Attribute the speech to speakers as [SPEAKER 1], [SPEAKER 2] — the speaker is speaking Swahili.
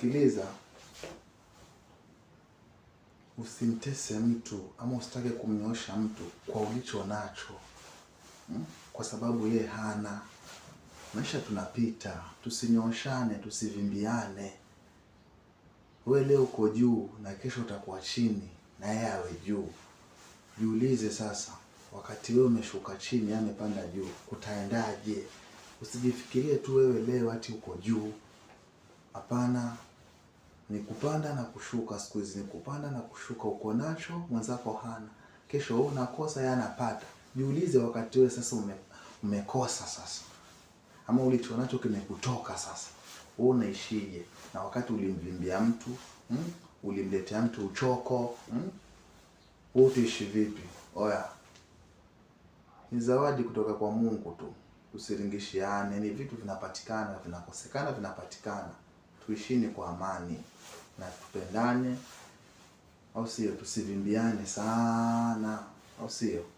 [SPEAKER 1] sikiliza, usimtese mtu ama usitake kumnyoosha mtu kwa ulicho nacho hmm? Kwa sababu ye hana. Maisha tunapita, tusinyooshane, tusivimbiane. Wewe leo uko juu na kesho utakuwa chini na yeye awe juu. Jiulize sasa, wakati wewe umeshuka chini, amepanda yaani juu, kutaendaje? Usijifikirie tu wewe leo ati uko juu. Hapana ni kupanda na kushuka, siku hizi ni kupanda na kushuka. Uko nacho mwenzako hana, kesho wewe unakosa, yeye anapata. Jiulize, wakati wewe sasa ume, umekosa sasa, ama ulicho nacho kimekutoka sasa, wewe unaishije? Na wakati ulimvimbia mtu mm? ulimletea mtu uchoko mm? wewe utaishi vipi? Oya, ni zawadi kutoka kwa Mungu tu, usiringishiane. Ni vitu vinapatikana, vinakosekana, vinapatikana tuishini kwa amani na tupendane, au sio? Tusivimbiane sana, au sio?